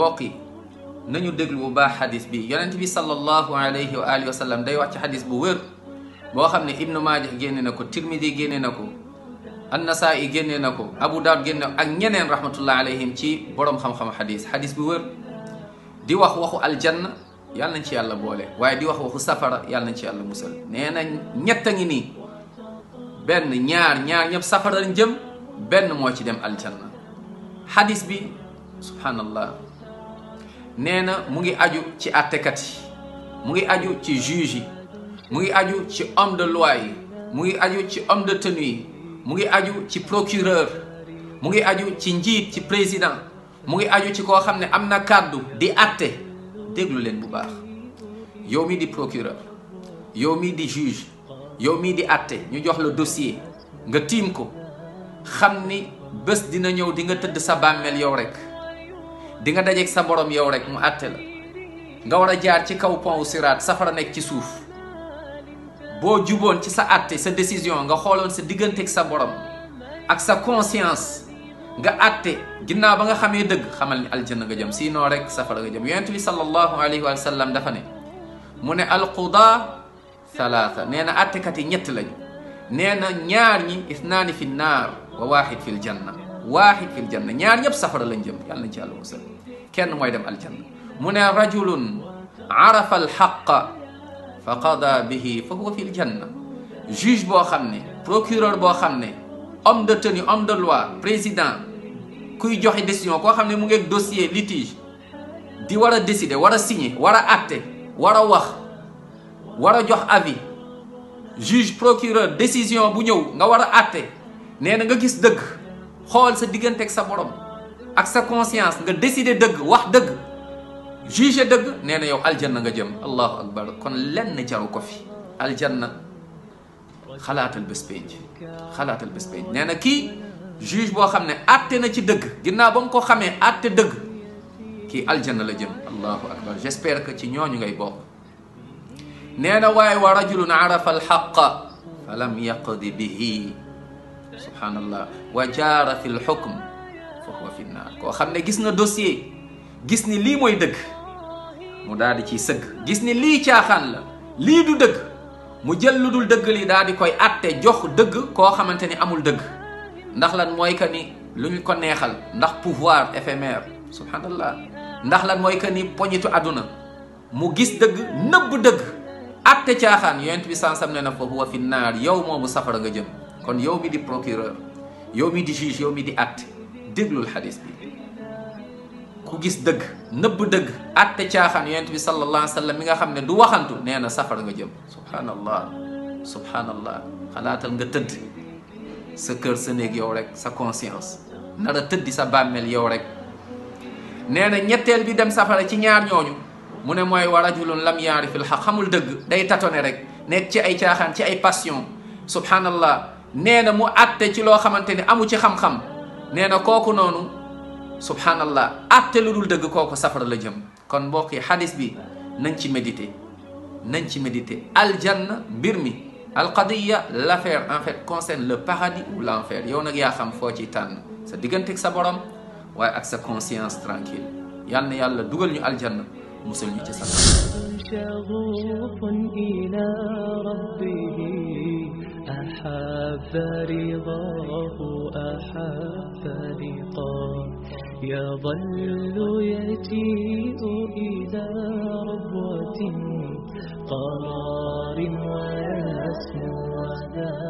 mbokk yi nañu déglu bu baax xadis bi yonent bi sallallahu alayhi wa alihi wa sallam day wax ci xadis bu wér boo xam ne ibnu maajah génne na ko tirmidi génne na ko génne na ko abu daawud génne ak ñeneen rahmatullah alayhim ci boroom xam-xam xadis xadis bu wér di wax waxu aljanna yàlla nañ ci yàlla boole waaye di wax waxu safara yàlla nañ ci yàlla musal nee na ñett a ngi nii benn ñaar ñaar ñëpp safara lañ jëm benn moo ci dem aljanna xadis bi subhanallah nee na mu ngi aju ci àttekat yi mu ngi aju ci juge yi mu ngi aju ci homme de loi yi mu ngi aju ci homme de tenue yi mu ngi aju ci procureur mu ngi aju ci njiit ci président mu ngi aju ci koo xam ne am na kàddu di àtte déglu leen bu baax yow mii di procureur yow mii di juge yow mii di àtte ñu jox la dossier nga tiim ko xam ni bés dina ñëw di nga tëdd sa bàmmeel yow rek di nga dajeeg sa borom yow rek mu àtte la nga war a jaar ci kaw u siraat safara nekk ci suuf boo juboon ci sa àtte sa décision nga xooloon sa digganteeg sa borom ak sa conscience nga àtte ginnaaw ba nga xamee dëgg xamal ni aljanna nga jëm noo rek safara nga jëm yonent bi sallallahu alayhi wa sallam dafa ne mu ne alquda thalatha nee na àttekat yi ñett lañu nee na ñaar ñi ithnaani fi nnaar wa waaxid fi ljanna waaxid fil janna ñaar ñëpp safara lañ jëm yàlla nañ ci yàlla musal kenn mooy dem aljanna mu ne rajulun arafa alxaqa fa qada bihi fa huwa fil janna juge boo xam ne procureur boo xam ne homme de tenue homme de loi président kuy joxe décision koo xam ne mu ngeeg dossier litige di war a décider war a signer wara a acter war a wax war jox avis juge procureur décision bu ñëw nga war a acter nee na nga gis dëgg xool sa diggante ak sa borom ak sa conscience nga décider dëgg wax dëgg juger dëgg nee na yow aljanna nga jëm allahu akbar kon lenn jaru ko fi aljanna xalaatal bés penc xalaatal nee na kii juge boo xam ne àtte na ci dëgg ginnaaw ba ko xamee àtte dëgg kii aljanna la jëm allahu akbar j'espère que ci ñooñu ngay bokk nee na waaye wa rajulun arafa alxaqa fa lam yaqdi bihi subhaanallah wa jaara fi lxukm koo xam ne gis na dossier gis ni lii mooy dëgg mu daal di ciy sëgg gis ni lii caaxaan la lii du dëgg mu jël lu dul dëgg li daal di koy atte jox dëgg koo xamante ni amul dëgg ndax lan mooy que ni lu ñu ko neexal ndax pouvoir éphémère subhaanallah ndax lan mooy que ni poñitu àdduna mu gis dëgg nëbb dëgg àtte caaxaan yonent bi sansam ne na fa huwa fi naar yow moomu safara nga jëm kon yow mi di procureur yow mi di juge yow mi di àtte déglul xadis bi ku gis dëgg nëbb dëgg àtte caaxaan yonent bi sallallahu alayhi wa mi nga xam ne du waxantu nee na safar nga jëm subhanallah subhanallah xalaatal nga tëdd sa kër sa néeg yow rek sa conscience nar a tëddi sa bàmmeel yow rek nee na ñetteel bi dem safara ci ñaar ñooñu mu ne mooy wa rajulun lam yaarifil xaq xamul dëgg day tatone rek nekk ci ay caaxan ci ay passion subhanallah nee na mu àtte ci loo xamante ni amu ci xam-xam nee na kooku noonu subhanallah àtte lu dul dëgg kooku safara la jëm kon mbokk yi xadis bi nañ ci méditer nañ ci méditer aljanna mbir mi alqadiya l'affaire en fait concerne le paradis ou l'enfer yow nag yaa xam foo ci tànn sa digganteeg sa borom waaye ak sa conscience tranquille yal na yàlla dugal ñu aljanna musul ñu ci sa أحب رضاه أحب لقاه يظل يجيء إلى ربوة قرار ويسمو ذا